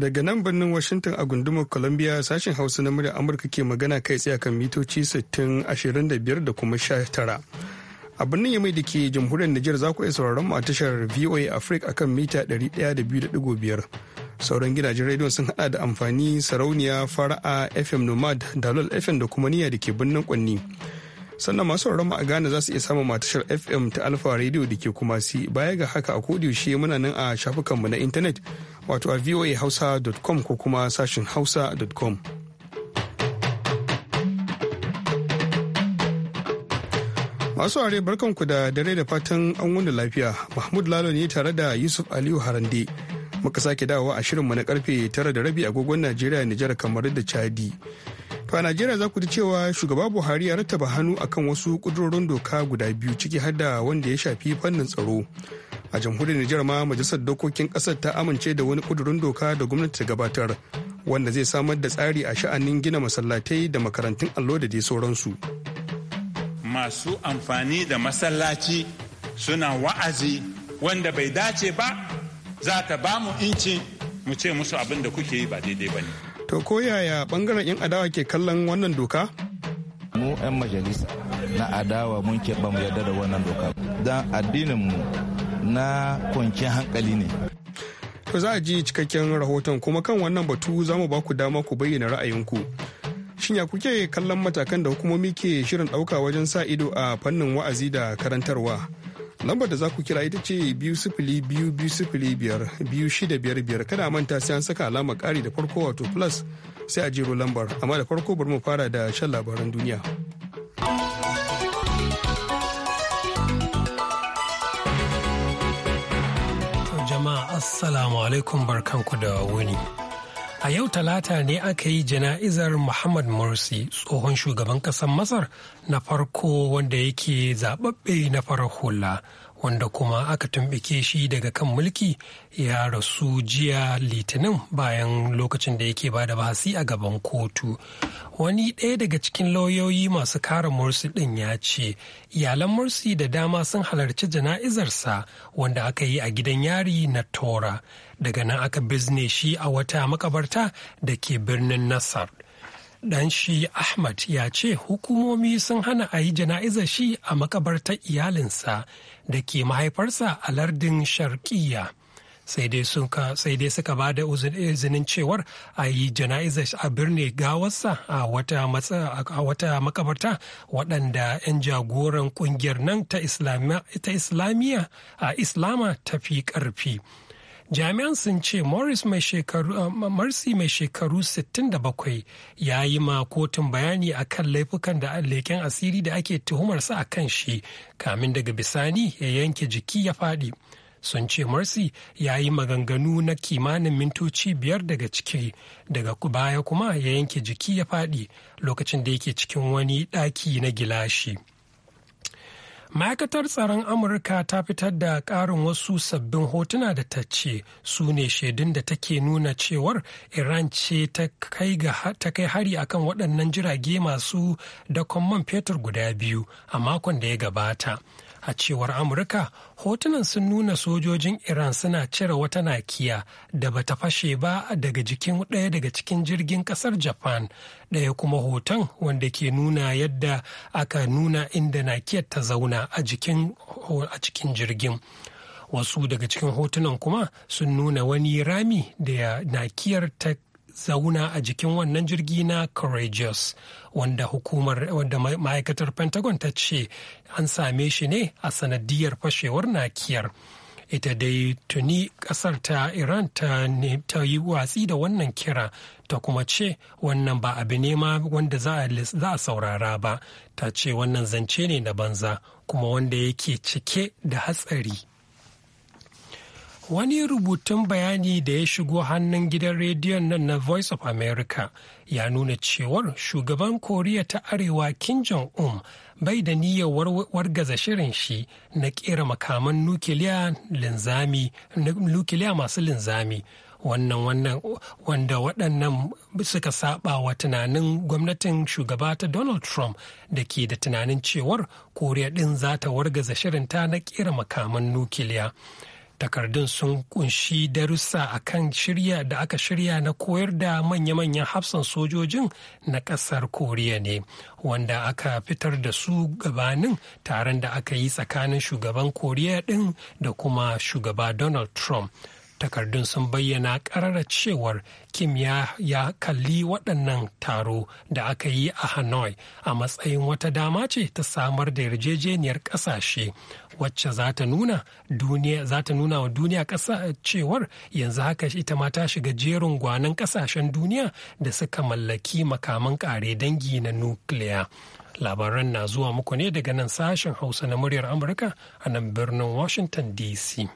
Daga nan birnin Washington a gundumar Columbia sashen Hausa na murya Amurka ke magana kai tsaye kan mitoci 625 da kuma 19. A birnin Yamai da ke jamhuriyar niger za ku iya sauraron mu a tashar VOA Africa akan mita 102.5. Sauran gidajen rediyon sun hada da amfani sarauniya fara'a FM Nomad, Dalol FM da kuma niyya da ke birnin Kwanni. sannan masu sauraron mu a Ghana za su iya samun matashar FM ta alfa Radio da ke kuma baya ga haka a kodiyaushe muna nan a shafukanmu na intanet wato a voa hausa.com ko kuma sashin hausa.com. masu ware barkanku da dare da fatan an lafiya mahmud lalo ne tare da yusuf aliyu harande muka sake dawowa a shirinmu na karfe tara da rabi agogon najeriya nijar kamar da chadi to a najeriya za ku ji cewa shugaba buhari ya rattaba hannu akan wasu kudurorin doka guda biyu ciki har da wanda ya shafi fannin tsaro a jamhuriyar Nijar ma majalisar dokokin kasar ta amince da wani kudurin doka da gwamnati ta gabatar wanda zai samar da tsari a sha'anin gina masallatai da makarantun allo da dai sauransu. Masu amfani da masallaci suna wa'azi wanda bai dace ba za ta ba mu inci mu ce musu abin da kuke yi ba daidai ba ne. To ko yaya bangaren 'yan adawa ke kallon wannan doka? Mu 'yan majalisa na adawa mun keɓe mu yarda da wannan doka. Dan addinin mu na kwanciyar hankali ne to za a ji cikakken rahoton kuma kan wannan batu za mu ba ku dama ku bayyana ra'ayinku shin ya kuke kallon matakan da hukumomi ke shirin ɗauka wajen sa ido a fannin wa'azi da karantarwa lambar da za ku kira ita ce biyu sifili biyu biyu sifili biyar biyu shida biyar biyar kada manta sai an saka alamar ƙari da farko wato plus sai a jero lambar amma da farko bari mu fara da shan labaran duniya. Assalamu alaikum barkanku da wuni. A yau talata ne aka yi jana'izar Muhammad Morsi tsohon shugaban ƙasar Masar na farko wanda yake zaɓaɓɓe na farar hula wanda kuma aka tumbike shi daga kan mulki ya rasu jiya litinin bayan lokacin da yake ba da bahasi a gaban kotu wani ɗaya daga cikin lauyoyi masu kara mursi ɗin ya ce iyalan mursi da dama sun halarci jana'izarsa wanda aka yi a gidan yari na tora daga nan aka bizne shi a wata makabarta da ke birnin nasar dan shi Ahmad ya ce hukumomi sun hana a yi jana'izar shi a makabartar iyalinsa da ke mahaifarsa a lardin sharkiya sai dai suka ba da izinin cewar a yi jana'izar a birni gawarsa a wata makabarta waɗanda 'yan jagoran ƙungiyar nan ta islamiyya a islama ta fi ƙarfi. jami'an sun ce marcy mai shekaru uh, marsi mai shekaru 67 ya yi ma kotun bayani a kan laifukan da leken asiri da ake tuhumarsa a kan shi kamin daga bisani ya yanke jiki ya faɗi sun ce marcy ya yi maganganu na kimanin mintoci biyar daga ciki daga baya kuma ya yanke jiki ya faɗi lokacin da yake cikin wani ɗaki na gilashi. ma'aikatar tsaron amurka ta fitar da karin wasu sabbin hotuna da ta ce su ne shaidun da take nuna cewar iran ce ta kai hari akan waɗannan jirage masu dakon man fetur guda biyu a makon da ya gabata a cewar amurka hotunan sun nuna sojojin iran suna cire wata nakiya da bata fashe ba daga jikin ɗaya daga cikin jirgin ƙasar japan daya kuma hoton wanda ke nuna yadda aka nuna inda nakiyar ta zauna a cikin jirgin wasu daga cikin hotunan kuma sun nuna wani rami da nakiyar ta zauna a jikin wannan jirgi na courageous wanda hukumar wanda ma'aikatar pentagon ta ce an same shi ne a sanadiyar fashewar nakiyar ita dai tuni kasar ta iran ta, yi watsi da wannan kira ta kuma ce wannan ba abu ne ma wanda za a saurara ba ta ce wannan zance ne na banza kuma wanda yake cike da hatsari Wani rubutun bayani da ya shigo hannun gidan rediyon nan na Voice of America ya nuna cewar shugaban Koriya ta Arewa Kim Jong-un bai da niyyar wargaza shirin shi na kera makaman nukiliya masu linzami wannan wannan wanda waɗannan suka saba wa tunanin gwamnatin shugaba ta donald trump da ke da tunanin cewar koriya ɗin za ta wargaza ta na kera makaman nukiliya takardun sun kunshi darussa a kan shirya da aka shirya na koyar da manya-manyan hafsan sojojin na kasar koriya ne wanda aka fitar da su gabanin taron da aka yi tsakanin shugaban koriya din da kuma shugaba donald trump takardun sun bayyana karara cewar kim ya, ya kalli waɗannan taro da aka yi a hanoi a matsayin wata dama ce ta samar da yarjejeniyar ƙasashe wacce za ta nuna wa duniya ƙasa cewar yanzu haka ita ma ta shiga jerin gwanan ƙasashen duniya da suka mallaki makaman ƙare dangi na nukiliya labaran na zuwa muku ne daga nan sashen hausa na muryar amurka a nan birnin washington dc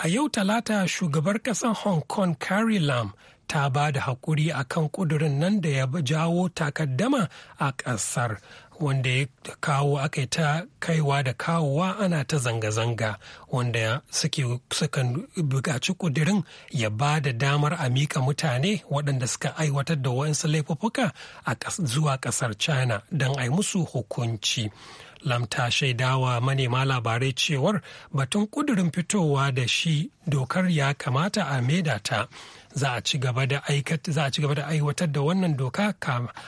A yau talata shugabar ƙasar Hong Kong Carrie Lam ta ba da haƙuri a kan ƙudurin nan da ya jawo takaddama a ƙasar wanda ya kawo aka ta kaiwa da kawowa ana ta zanga-zanga wanda suke sukan buƙaci ƙudurin ya ba da damar a mika mutane waɗanda suka aiwatar da waɗansu laifuffuka zuwa ƙasar china don a musu hukunci. Lamta, shaidawa manema labarai cewar batun kudurin fitowa da shi dokar ya kamata a maida ta. Za a ci da aiwatar da wannan doka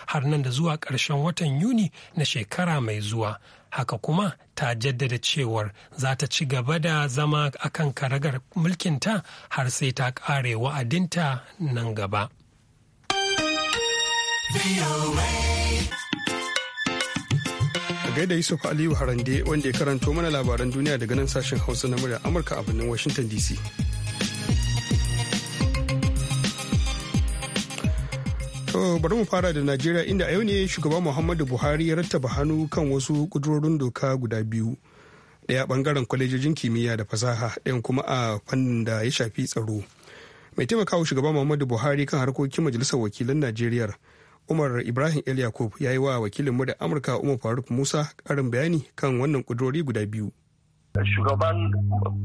har nan da zuwa ƙarshen watan Yuni na shekara mai zuwa. haka kuma ta jaddada cewar za ta ci gaba da zama akan karagar mulkinta har sai ta kare wa'adinta nan gaba. A gaida Yusuf Aliyu Harande wanda ya karanto mana labaran duniya daga nan sashen Hausa na murya Amurka a birnin Washington DC. To bari mu fara da Najeriya inda a yau ne shugaba Muhammadu Buhari ya rattaba hannu kan wasu kudurorin doka guda biyu. Daya bangaren kwalejojin kimiyya da fasaha ɗayan kuma a fannin da ya shafi tsaro. Mai taimakawa shugaba Muhammadu Buhari kan harkokin majalisar wakilan Najeriya Umar Ibrahim El Yakub ya yi wa wakilin da Amurka Umar Faruk Musa karin bayani kan wannan kudurori guda biyu. Shugaban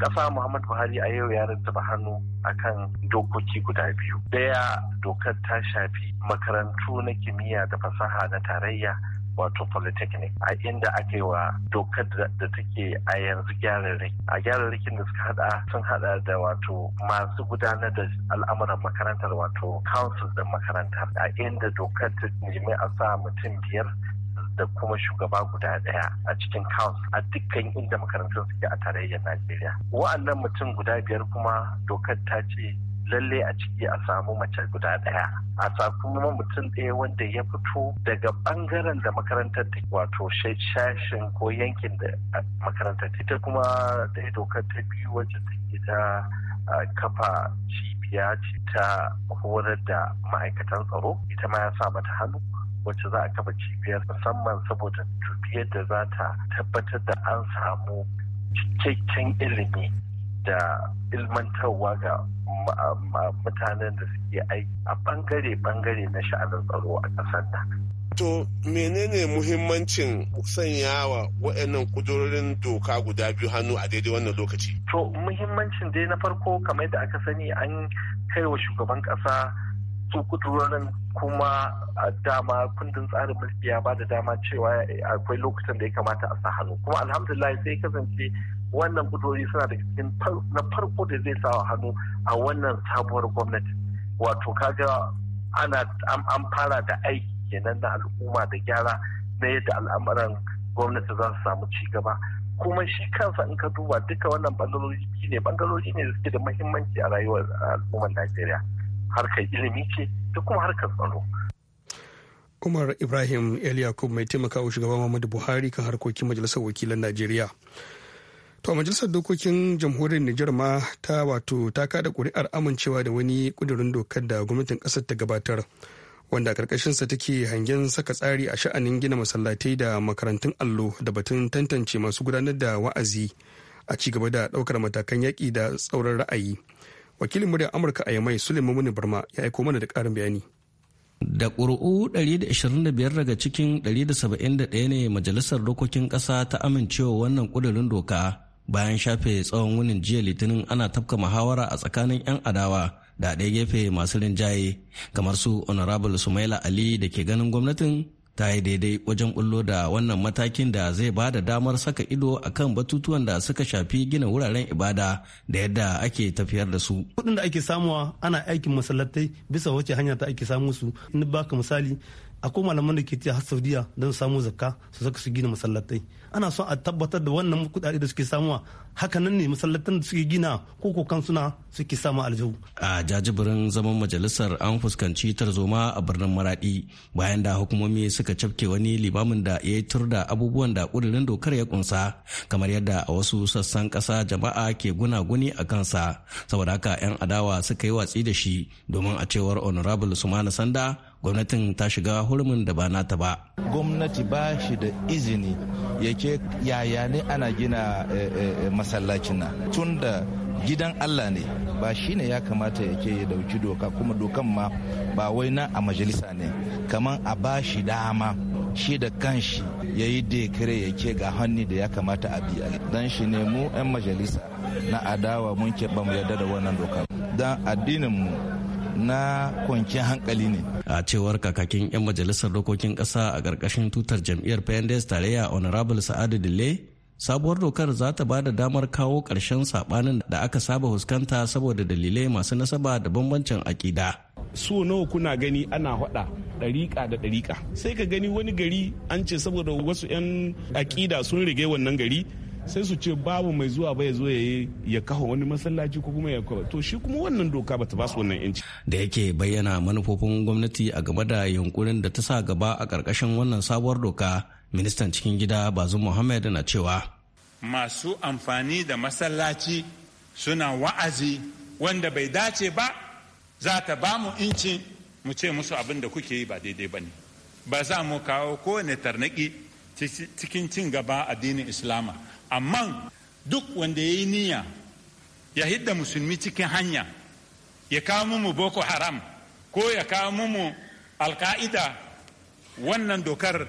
ƙasa muhammad Buhari a yau ya rattaba hannu akan dokoki guda biyu. Daya dokar ta shafi makarantu na kimiyya da fasaha na tarayya wato polytechnic a inda aka yi wa dokar da take a yanzu gyararraki a gyararrakin da suka hada sun hada da wato masu gudanar da al'amuran makarantar wato council da makarantar a inda dokar ta nemi a sa mutum biyar da kuma shugaba guda daya a cikin council a dukkan inda makarantar suke a tarayyar najeriya wa'annan mutum guda biyar kuma dokar ta ce lalle a ciki a samu mace guda ɗaya a kuma mutum ɗaya wanda ya fito daga ɓangaren da makarantar ta wato shashin ko yankin da makarantar ta ita kuma da dokar ta biyu wacce ke ta kafa cibiya ce ta horar da ma'aikatan tsaro ita ma ya sa mata hannu wacce za a kafa cibiyar musamman saboda dubiyar da za ta tabbatar da an samu cikakken ilimi da ilmantarwa ga mutanen da suke aiki a bangare-bangare na sha'anin tsaro a ƙasar nan. To menene muhimmancin sanyawa wa'annan kudurorin doka guda biyu hannu a daidai wannan lokaci? To muhimmancin dai na farko kamar da aka sani an kai wa shugaban ƙasa su kudurorin kuma dama kundin tsarin mulki ya ba da dama cewa akwai lokutan da ya kamata a sa hannu kuma alhamdulillah sai kasance wannan kudurori suna da cikin na farko da zai sa hannu a wannan sabuwar gwamnati wato kaga ana an fara da aiki kenan na al'umma da gyara na yadda al'amuran gwamnati za su samu ci gaba kuma shi kansa in ka duba duka wannan bangarori ne bangarori ne da suke da mahimmanci a rayuwar al'ummar najeriya harkar ilimi ce da kuma harkar tsaro umar ibrahim el mai taimakawa shugaban muhammadu buhari kan harkokin majalisar wakilan najeriya To majalisar dokokin jamhuriyar Nijar ma ta wato ta kada kuri'ar amincewa da wani kudurin dokar da gwamnatin kasar ta gabatar wanda karkashinsa take hangen saka tsari a sha'anin gina masallatai da makarantun allo da batun tantance masu gudanar da wa'azi a ci gaba da daukar matakan yaƙi da tsauran ra'ayi. Wakilin muryar Amurka a Yamai Suleiman Muni Barma ya aiko mana da ƙarin bayani. da ƙuri'u 125 daga cikin 171 ne majalisar dokokin ƙasa ta amincewa wannan ƙudurin doka bayan shafe tsawon wunin jiya litinin ana tafka muhawara a tsakanin 'yan adawa da ɗaya gefe masu rinjaye kamar su honorable sumaila ali da ke ganin gwamnatin ta yi daidai wajen bullo da wannan matakin da zai ba da damar saka ido a kan batutuwan da suka shafi gina wuraren ibada da yadda ake tafiyar da su. Kudin da ake samuwa ana aikin masallatai bisa wace hanya ta ake samu su. In baka misali akwai malaman da ke tiya har saudiya don samu zakka su zaka su gina masallatai ana so a tabbatar da wannan kudade da suke samuwa haka nan ne masallatan da suke gina ko ko kan suna suke samu aljihu a jajibirin zaman majalisar an fuskanci tarzoma a birnin maradi bayan da hukumomi suka cafke wani libamin da ya tur da abubuwan da kudirin dokar ya kunsa kamar yadda a wasu sassan kasa jama'a ke gunaguni a kansa saboda haka 'yan adawa suka yi watsi da shi domin a cewar honorable sumana sanda gwamnatin ta shiga hurumin da ba nata ba gwamnati ba shi da izini yake yaya ne ana gina eh, eh, eh, masallacin na tun da gidan allah ne ba shi ne ya kamata yake ya dauki doka kuma dokan ma ba wai na a majalisa ne kamar a ba shi dama shi da kanshi ya yi dekare yake ga hannu da ya kamata a biya don shi ne mu 'yan majalisa na adawa mun ba mu yarda da wannan doka don mu. na kwanciyar hankali ne a cewar kakakin 'yan majalisar dokokin ƙasa a ƙarƙashin tutar jam'iyyar pnds tarayya honorable sa'adu dille sabuwar dokar za ta ba da damar kawo ƙarshen saɓanin da aka saba huskanta saboda dalilai masu nasaba da bambancin akida. so nawa kuna gani ana hada dariƙa da dariƙa. sai ka gani wani gari an ce saboda wasu 'yan akida sun rige wannan gari sai su ce babu mai zuwa bai zo ya ya kafa wani masallaci ko kuma ya kafa to shi kuma wannan doka ba ta ba su wannan yanci da yake bayyana manufofin gwamnati a game da yunkurin da ta sa gaba a karkashin wannan sabuwar doka ministan cikin gida bazum muhammad na cewa masu amfani da masallaci suna wa'azi wanda bai dace ba za ta ba mu inci mu ce musu abin da kuke yi ba daidai ba ne ba za mu kawo kowane tarnaki cikin cin gaba addinin islama amma duk wanda ya yi niyya ya hidda musulmi cikin hanya ya kawo mu boko haram ko ya kawo mu alka'ida wannan dokar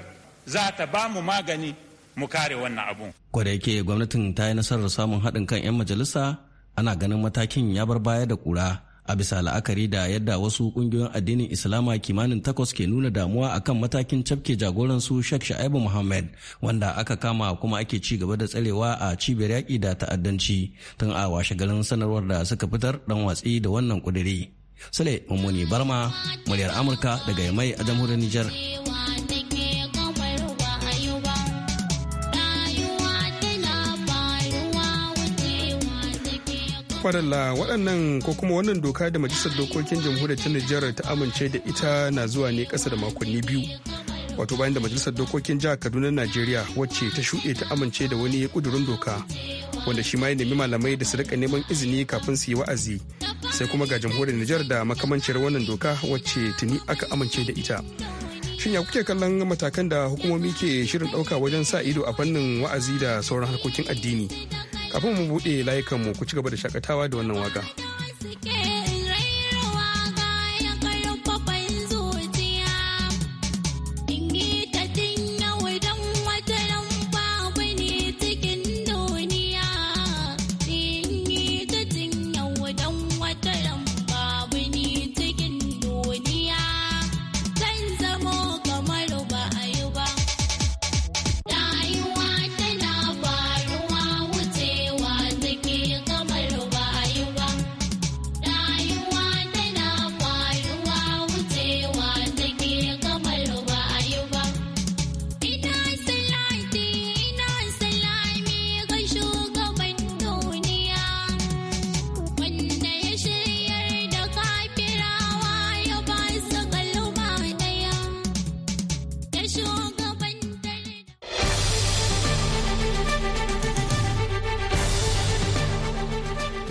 za ta ba mu magani mu kare wannan abun. yake gwamnatin ta yi nasarar samun haɗin kan 'yan majalisa ana ganin matakin ya bar baya da ƙura a bisa la'akari da yadda wasu kungiyoyin addinin islama kimanin takwas ke nuna damuwa akan matakin cafke jagoran su shek sha'ibu muhammad wanda aka kama kuma ake ci gaba da tsarewa a cibiyar yaƙi da ta'addanci tun a washe garin sanarwar da suka fitar dan watsi da wannan kudiri. sule mummuni barma muryar amurka daga mai a jamhuriyar nijar. farilla waɗannan ko kuma wannan doka da majalisar dokokin jamhuriyar ta Nijar ta amince da ita na zuwa ne ƙasa da makonni biyu. Wato bayan da majalisar dokokin jihar Kaduna Najeriya wacce ta shuɗe ta amince da wani kudurin doka wanda shi ma ya nemi malamai da su rika neman izini kafin su yi wa'azi sai kuma ga jamhuriyar Nijar da makamancin wannan doka wacce tuni aka amince da ita. Shin ya kuke kallon matakan da hukumomi ke shirin ɗauka wajen sa ido a fannin wa'azi da sauran harkokin addini? Kafin mu buɗe layukanmu ku ci gaba da shakatawa da wannan waka.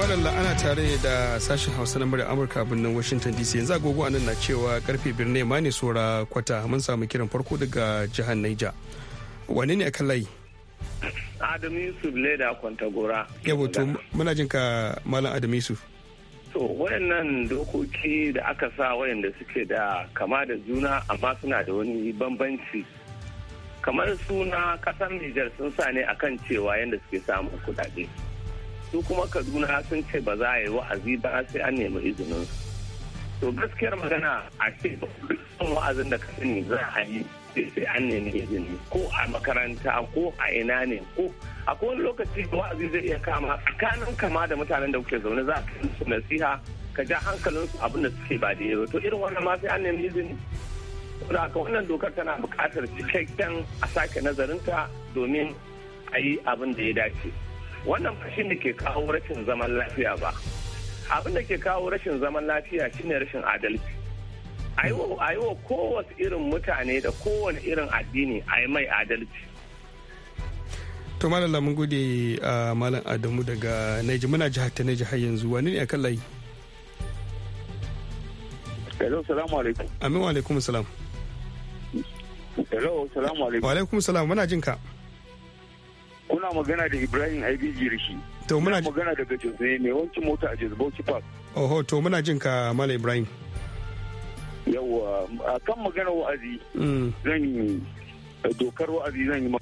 madalla ana tare da sashen hausa na murya amurka birnin washington dc yanzu agogo anan na cewa karfe birnin ma ne sora kwata mun samu kiran farko daga jihar naija wane ne akan layi adam yusuf ne da kwantagora yabo to muna jin ka malam adam yusuf to wayannan dokoki da aka sa wayanda suke da kama da juna amma suna da wani bambanci kamar suna kasar nijar sun sa ne akan cewa yadda suke samun kudade su kuma kaduna sun ce ba za a yi wa'azi ba sai an nemi izinin to gaskiyar magana a ce ba wa'azin da ka sani za a yi sai an nemi izini ko a makaranta ko a ina ne ko a kowane lokaci wa'azi zai iya kama tsakanin kama da mutanen da kuke zaune za a su nasiha ka ja hankalinsu abin da suke ba da to irin wannan ma sai an nemi izini saboda haka wannan dokar tana buƙatar cikakken a sake nazarinta domin a yi abin da ya dace. wannan ba shi ne ke kawo rashin zaman lafiya ba abin da ke kawo rashin zaman lafiya shine rashin adalci a yi wa kowace irin mutane da kowane irin addini a yi mai adalci to malam mun gode a malam adamu daga naija muna jihar ta naija har yanzu wani ne a kan layi hello salamu alaikum amin wa alaikum salam hello salamu alaikum wa alaikum salam muna jin ka muna magana da Ibrahim IBG Rishi. To muna magana daga Jose mai wancan mota a Jose Bauchi Park. Oho to muna jin ka Mala Ibrahim. Yawwa a kan magana wa'azi mm. zan yi dokar wa'azi zan yi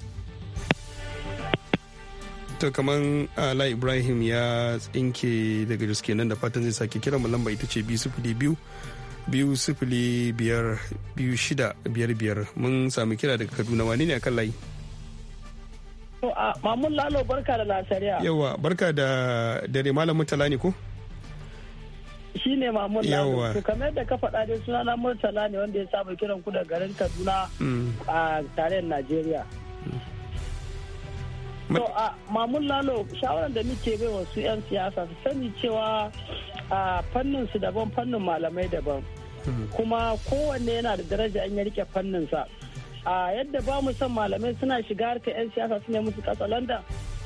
to kaman ala ibrahim ya tsinke daga jiske nan da fatan zai sake kiran lamba ita ce biyu biyu sifili biyar biyu shida biyar biyar mun sami kira daga kaduna wani ne akan layi Mamun Lalo barka da lasariya. Yawa barka da dare Malam ne ko? Shi ne Mamun Lalo. To kamar da ka faɗa dai sunana Murtala ne wanda ya samu kiran ku da garin Kaduna mm. a tarayyar Najeriya. To a Mamun Lalo shawarar da muke bai wasu 'yan siyasa su sani cewa a fannin su daban fannin malamai daban. Hmm. Kuma kowanne yana da daraja an ya rike fanninsa. a yadda ba mu son malamai suna shiga harkar 'yan siyasa su ne musu katsalanda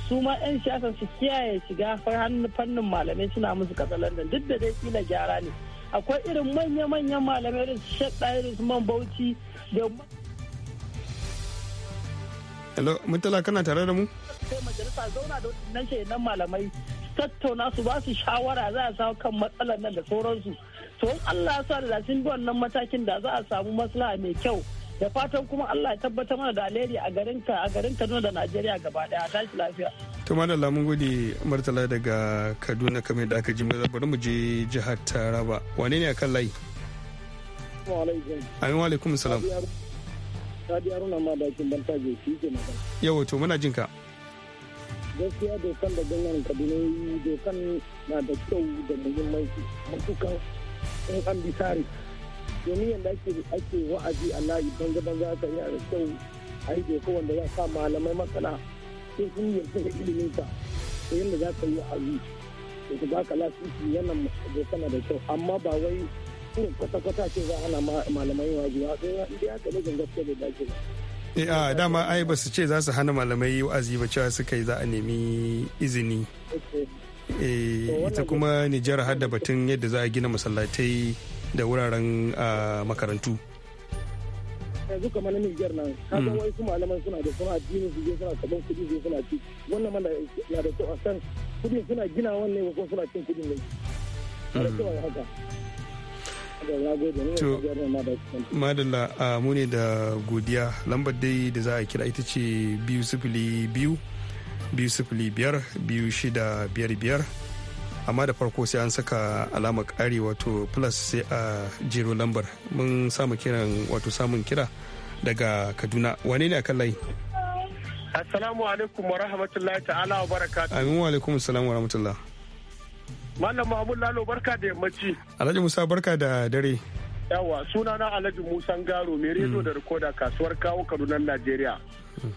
su ma 'yan siyasa su kiyaye shiga fannin malamai suna musu katsalanda duk da dai kila gyara ne akwai irin manya-manyan malamai irin su shaɗa irin su man bauchi da Hello, Mutala kana tare da mu? Sai majalisa zauna da waɗannan shenan malamai tattauna su ba su shawara za a samu kan matsalar nan da sauransu. To Allah ya sa da sun bi wannan matakin da za a samu maslaha mai kyau. da fatan kuma Allah ya tabbatar mana da alheri a garin ka a garin Kaduna da Najeriya gaba daya tashi lafiya to madalla mun gode martala daga Kaduna kamar da aka ji mu bari mu je jihar Taraba wane ne akan layi Amin wa alaikum salam Sadi Haruna ma da kin banta je shi ke magana yau to muna jin ka Gaskiya dokan da gangan Kaduna dokan na da kyau da muhimmanci mutukan in an bi tarihi domin yadda ake ake wa'azi a layi banza banza aka yana da kyau a yi ko wanda za sa malamai masana sun sun yi da ilimin ka ko yadda za ka yi wa'azi da ka baka lasisi yana doka na da kyau amma ba wai kuma kwata-kwata ce za ana malamai wa'azi ba sai ya ka ne gaske da dace ba. e a dama ai ba su ce za su hana malamai wa'azi ba cewa suka yi za a nemi izini eh, ita kuma nijar har da batun yadda za a gina masallatai da wuraren makarantu yanzu kamar na Niger nan kaga mm. wai su malaman suna da suna addini su je suna kaban kudi su suna ci wannan ma na da kyau a san kudi suna gina wannan ko suna cin kudin mm. ne To, madalla a muni da godiya lambar dai da za a kira ita ce biyu sifili biyu biyu sifili biyar biyu shida biyar biyar amma da farko sai an saka alamar ƙari wato plus sai a jero lambar mun samu kiran wato samun kira daga kaduna wane ne a kan layi assalamu alaikum wa rahmatullahi ta'ala wa barakatuhu amin wa alaikum assalamu wa rahmatullah malam mahmud lalo barka da yammaci alhaji musa barka da dare yawa sunana alhaji musa garo mai rediyo mm. da rikoda kasuwar kawo kaduna najeriya mm.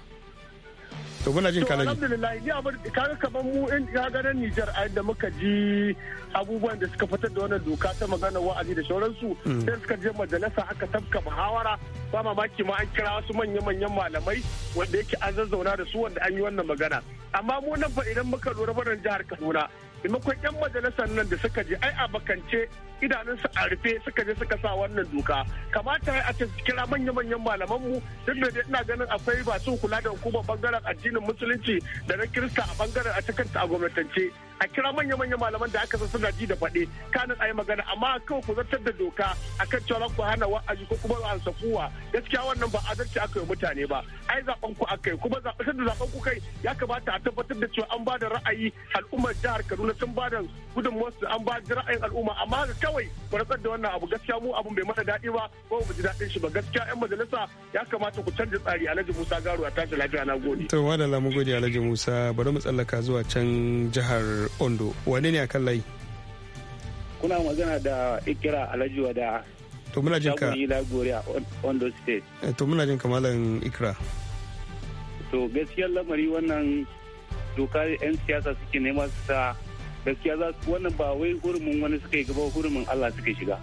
to muna jin to alhamdulillah ni abu kaga kaman mu in ga nan Niger a yadda muka ji abubuwan da suka fitar da wannan doka ta magana wa'azi da sauransu mm. sai suka je majalisa aka tafka muhawara ba mamaki ma an kira wasu manya-manyan malamai wanda yake an zazzauna da su wanda an yi wannan magana amma mu nan fa idan muka lura barin jihar Kaduna maimakon 'yan majalisar nan da suka je ai a bakance idanunsu a rufe suka je suka sa wannan doka kamata a ce kira manya-manyan malamanmu duk da ina ganin akwai masu kula da hukumar bangaren addinin musulunci da na kirista a bangaren a cikin a gwamnatance a kira manya manya malaman da aka san ji da faɗe kanin ayi magana amma kawai ku zartar da doka akan cewa ku hana wa'azi ko kuma an sakuwa gaskiya wannan ba adalci aka yi mutane ba ai zaben ku aka yi kuma zaɓen da zaben ku kai ya kamata a tabbatar da cewa an ba da ra'ayi al'ummar jihar Kaduna sun ba da gudunmuwarsu an ba da ra'ayin al'umma amma haka kawai ku rantsar da wannan abu gaskiya mu abun bai mana daɗi ba ko mu ji daɗin shi ba gaskiya 'yan majalisa ya kamata ku canza tsari Alhaji Musa Garu a tashi lafiya na gode. To madalla mu gode Alhaji Musa bari mu tsallaka zuwa can jihar Ondo. Wane ne a kan layi? Kuna magana da Ikira Alhaji da To muna jin ka. Ondo State. Eh, to muna jin ka Malam Ikira. To gaskiyar lamari wannan doka 'yan siyasa suke nema su sa gaskiya za su wannan ba wai hurumin wani suka yi gaba hurumin Allah suka shiga.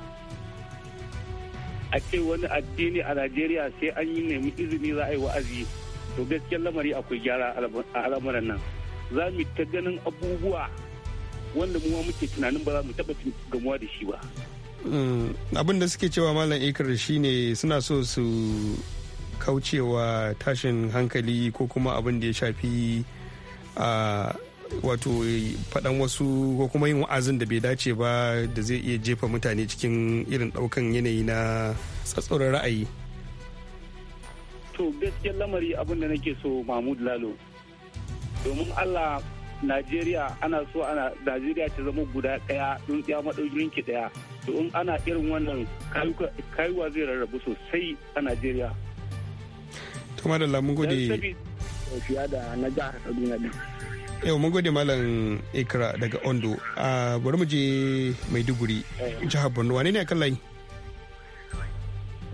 A ce wani addini a Najeriya sai an yi nemi izini za a yi wa'azi. To gaskiyar lamari akwai gyara a al'amuran nan. za mu ta ganin abubuwa wanda mu muke tunanin ba za mu taɓa gamuwa da shi ba. Mm, abin da suke cewa malam ikar shine suna so su kaucewa tashin hankali ko kuma abin da ya shafi a wato faɗan wasu ko kuma yin wa'azin da bai dace ba da zai iya jefa mutane cikin irin ɗaukan yanayi na tsatsauran ra'ayi to gaskiyar lamari abin da nake so mahmud lalo domin allah najeriya ana so ana najeriya ta zama guda ɗaya tsaya maɗaurin ki ɗaya to in ana irin wannan kayuwa zai rarrabu sosai a najeriya kuma da mun gode da na jihar kaduna din yau mun gode malam ikra daga ondo a bari mu je maiduguri eh. jihar borno wane ne a kallayi?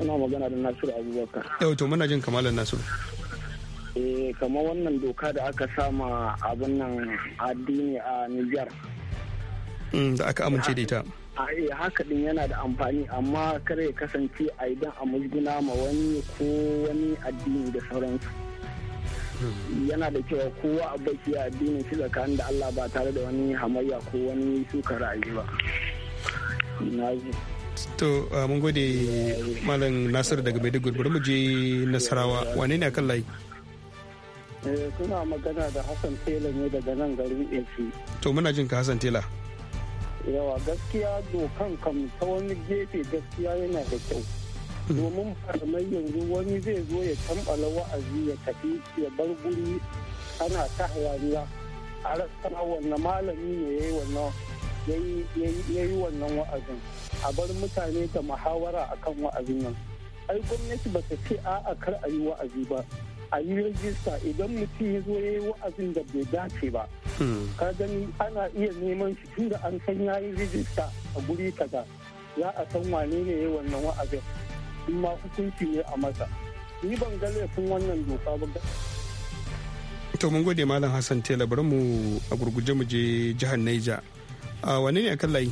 ina magana da nasiru abubakar yau to muna jin kamalan nasiru Eh, kama wannan doka da aka sama abin nan addini a Nijar. Mm, da aka amince da ita. a eh, haka din yana da amfani amma kare ya kasance a idan a musguna ma wani ko wani addini da sauransu yana da kyau kowa a baki addinin shi tsakanin da Allah ba tare da wani hamayya ko wani suka ra'ayi ba to ah, mun gode malam Nasiru daga maiduguri bari mu je nasarawa wane ne akan layi suna eh, magana da Hassan Tela ne daga nan garin Efi. To muna jin ka Hassan Tela. Yawa gaskiya dokan kam ta wani gefe gaskiya yana da kyau. Hmm. Domin farmai yanzu wani zai zo ya tambala wa'azi ya tafi ya bar guri ana ta hayaniya. A rasa wanne malami ne ya yi wannan ya wa'azin. A bar mutane da muhawara akan wa'azin nan. Ai gwamnati ba ta ce a'a kar a yi wa'azi ba. a yi rajista idan mutum ya zo ya yi wa'azin da bai dace ba hmm. ka gani ana iya neman shi tunda an san ya yi rajista a guri kaza za a san wane ne ya wannan wa'azin in ma hukunci ne a masa ni ban ga laifin wannan doka ba to mun gode malam hassan tela bari mu a gurguje mu je jihar naija a wane ne kan layi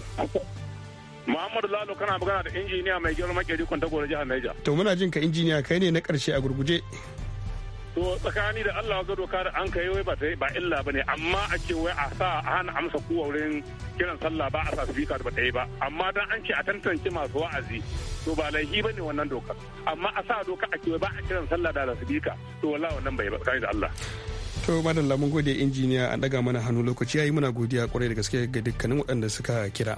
Muhammadu Lalo kana magana da injiniya mai girma makeri kwanta gore jihar Naija. To muna jin ka injiniya kai ne na karshe a gurguje. to tsakani da Allah ga doka da an kai wai ba ta ba illa bane amma a ce wai a sa a hana amsa kuwa wurin kiran sallah ba a sa sifika da ba ta yi ba amma dan an ce a tantance masu wa'azi to ba laifi bane wannan doka amma a sa doka a ce wai ba a kiran sallah da sifika to wallahi wannan bai ba tsakani da Allah to madalla mun gode injiniya an daga mana hannu lokaci yayi muna godiya kwarai da gaske ga dukkanin waɗanda suka kira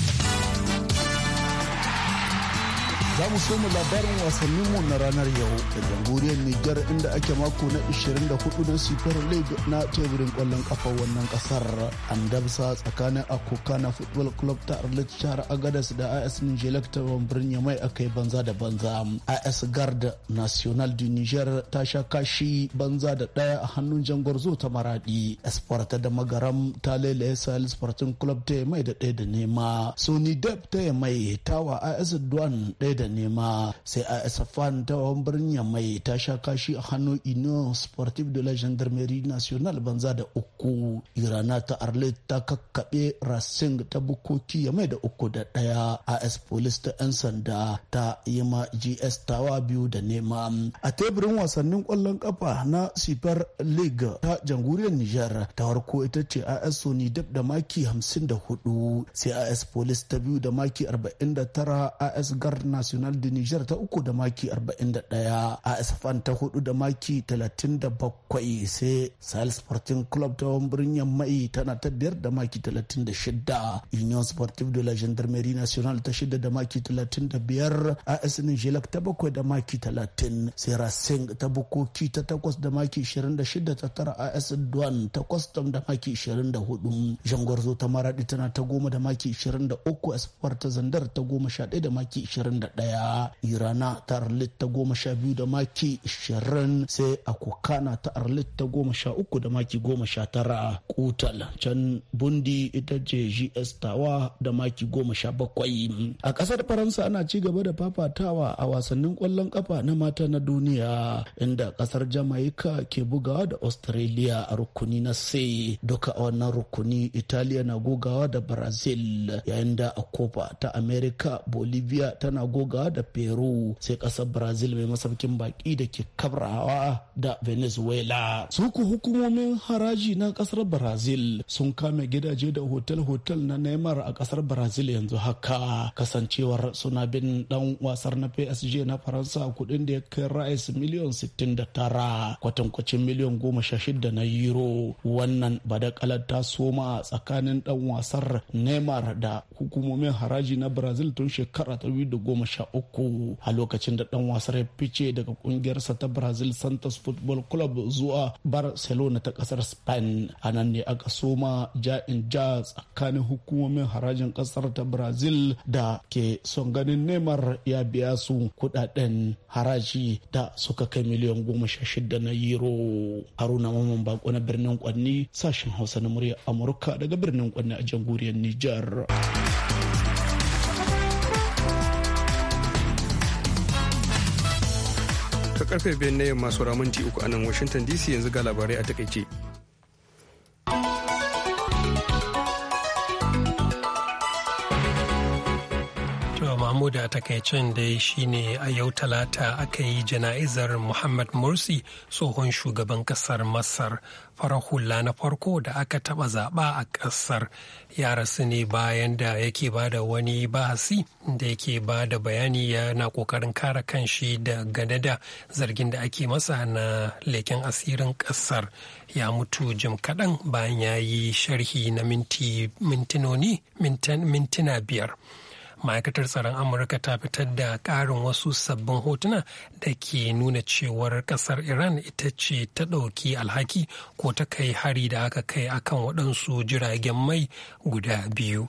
mu so mu labarin wasannin mu na ranar yau da jamhuriyar Nijar inda ake mako na 24 na Super League na teburin kwallon kafa wannan kasar. An dabsa tsakanin Akoka na Football Club ta Arlit Shahar Agadas da AS Nijelek ta Bambirin Yamai a kai banza da banza. AS Garda National du Niger ta sha kashi banza da daya a hannun zo ta Maradi. Esport da Magaram ta lailaye Sahel Sporting Club ta Yamai da daya da nema. Sony Dep ta Yamai tawa AS Duan ɗaya da nema. nema sai a safan ta birnin mai ta sha kashi a hannun union sportive de la gendarmerie national banza da uku irana ta arlet ta kakkaɓe racing ta bukoki ya mai da uku da ɗaya as police ta 'yan sanda ta yi ma gs tawa biyu da nema a teburin wasannin kwallon kafa na super league ta jamhuriyar niger ta farko ita ce as sony dab da maki 54 sai as police ta biyu da maki 49 as gar national kenan da Nijar ta uku da maki 41 a ASFan ta hudu da maki 37 sai Sahel Sporting Club ta birnin Yammai tana ta biyar da maki 36 Union Sportive de la Gendarmerie Nationale ta shida da maki 35 AS Nijelak ta bakwai da maki 30 sai Racing ta Bukoki ta takwas da maki 26 ta tara AS Duan ta kwastam da maki 24 Jangwarzo ta Maradi tana ta goma da maki 23 Espoir ta Zandar ta goma sha da maki 21 daya irana ta arlita goma sha biyu da maki ishirin sai a akokana ta arlita ta goma sha uku da maki goma sha tara kutal can bundi ita ce gs tawa da maki goma sha bakwai a kasar faransa ana ci gaba da fafatawa a wasannin kwallon kafa na mata na duniya inda kasar Jama'ika ke bugawa da australia a rukuni na sai duka a wannan rukuni italiya na gogawa da brazil yayin da a kofa ta america bolivia tana gogawa da peru sai kasar brazil mai masaukin baki da ke kabrawa da venezuela suku hukumomin haraji na kasar brazil sun kame gidaje da hotel-hotel na neymar a kasar brazil yanzu haka kasancewar suna bin dan wasar na psg na faransa kudin da ya kai rais miliyan 69 kwatankwacin miliyan 16 na euro wannan badakala ta soma tsakanin dan wasar neymar da hukumomin haraji na brazil tun shekara 2013 uku a lokacin da dan wasar ya fice daga kungiyarsa ta brazil santos football club zuwa barcelona ta kasar spain a nan ne aka soma ja'in ja tsakanin hukumomin harajin kasar ta brazil da ke son ganin neymar ya biya su kudaden haraji da suka kai miliyan goma sha shida na euro haruna mamman bako na birnin kwanni sashen hausa na murya amurka daga birnin kwanni a jamhuriyar nijar. cika karfe biyan na yamma saura minti uku a nan Washington DC yanzu ga labarai a takaice. mu da takaicen dai shine a yau talata aka yi jana'izar Muhammad Morsi tsohon shugaban kasar Masar farar hula na farko da aka taba zaɓa a kasar ya rasu ne bayan da yake ba da wani bahasi da yake ba da bayani yana kokarin kare kanshi da gane da zargin da ake masa na leken asirin kasar ya mutu jim kaɗan bayan ya yi sharhi na mintinoni mintina biyar. ma'aikatar tsaron amurka ta fitar da ƙarin wasu sabbin hotuna da ke nuna cewar ƙasar iran ita ce ta ɗauki alhaki ko ta kai hari da aka kai akan waɗansu jiragen mai guda biyu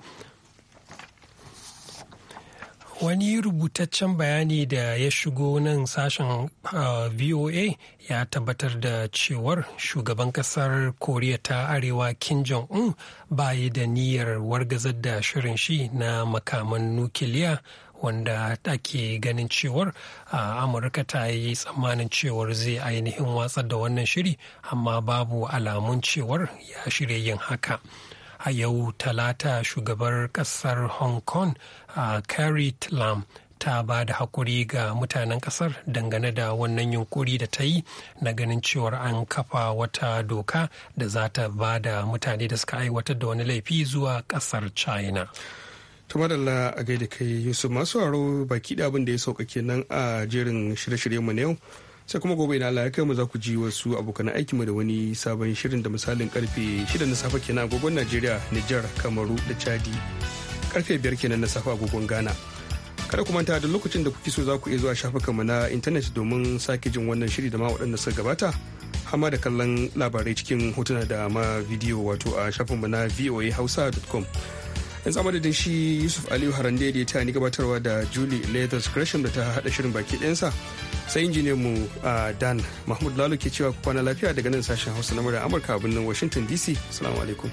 wani rubutaccen bayani da ya shigo nan sashen uh, voa ya tabbatar da cewar shugaban kasar koriya ta arewa kim jong-un bayi da niyyar wargazar da shirin shi na makaman nukiliya wanda ake ganin cewar a uh, amurka ta yi tsammanin cewar zai ainihin watsar da wannan shiri amma babu alamun cewar ya shirya yin haka. a yau talata shugabar kasar hong kong a uh, carrie lam ta ba da hakuri ga mutanen kasar dangane da wannan yunkuri da ta yi na ganin cewar an kafa wata doka da za ta ba da mutane da suka aiwatar da wani laifi zuwa kasar china tumadalla a gaida kai yusuf masu haro baki da abin da ya sauka nan a jerin shirye-shiryenmu na yau sai kuma gobe na Allah ya kai mu za ku ji wasu abokan aiki mu da wani sabon shirin da misalin karfe 6 na safe kenan agogon Najeriya, Nijar, Kamaru da Chadi. Karfe 5 kenan na safe agogon Ghana. Kada ku manta da lokacin da kuke so za ku iya zuwa shafukan mu na intanet domin sake jin wannan shiri da ma waɗanda suka gabata. Hama da kallon labarai cikin hotuna da ma bidiyo wato a mu na voahausa.com. yanzu madadin shi yusuf aliyu harande da ya ta ni gabatarwa da julie leathers gresham da ta hada shirin baki ɗansa sai injiniyan mu dan mahmud lalo ke cewa kwana lafiya daga nan sashen hausa na murya amurka a birnin washington dc salamu alaikum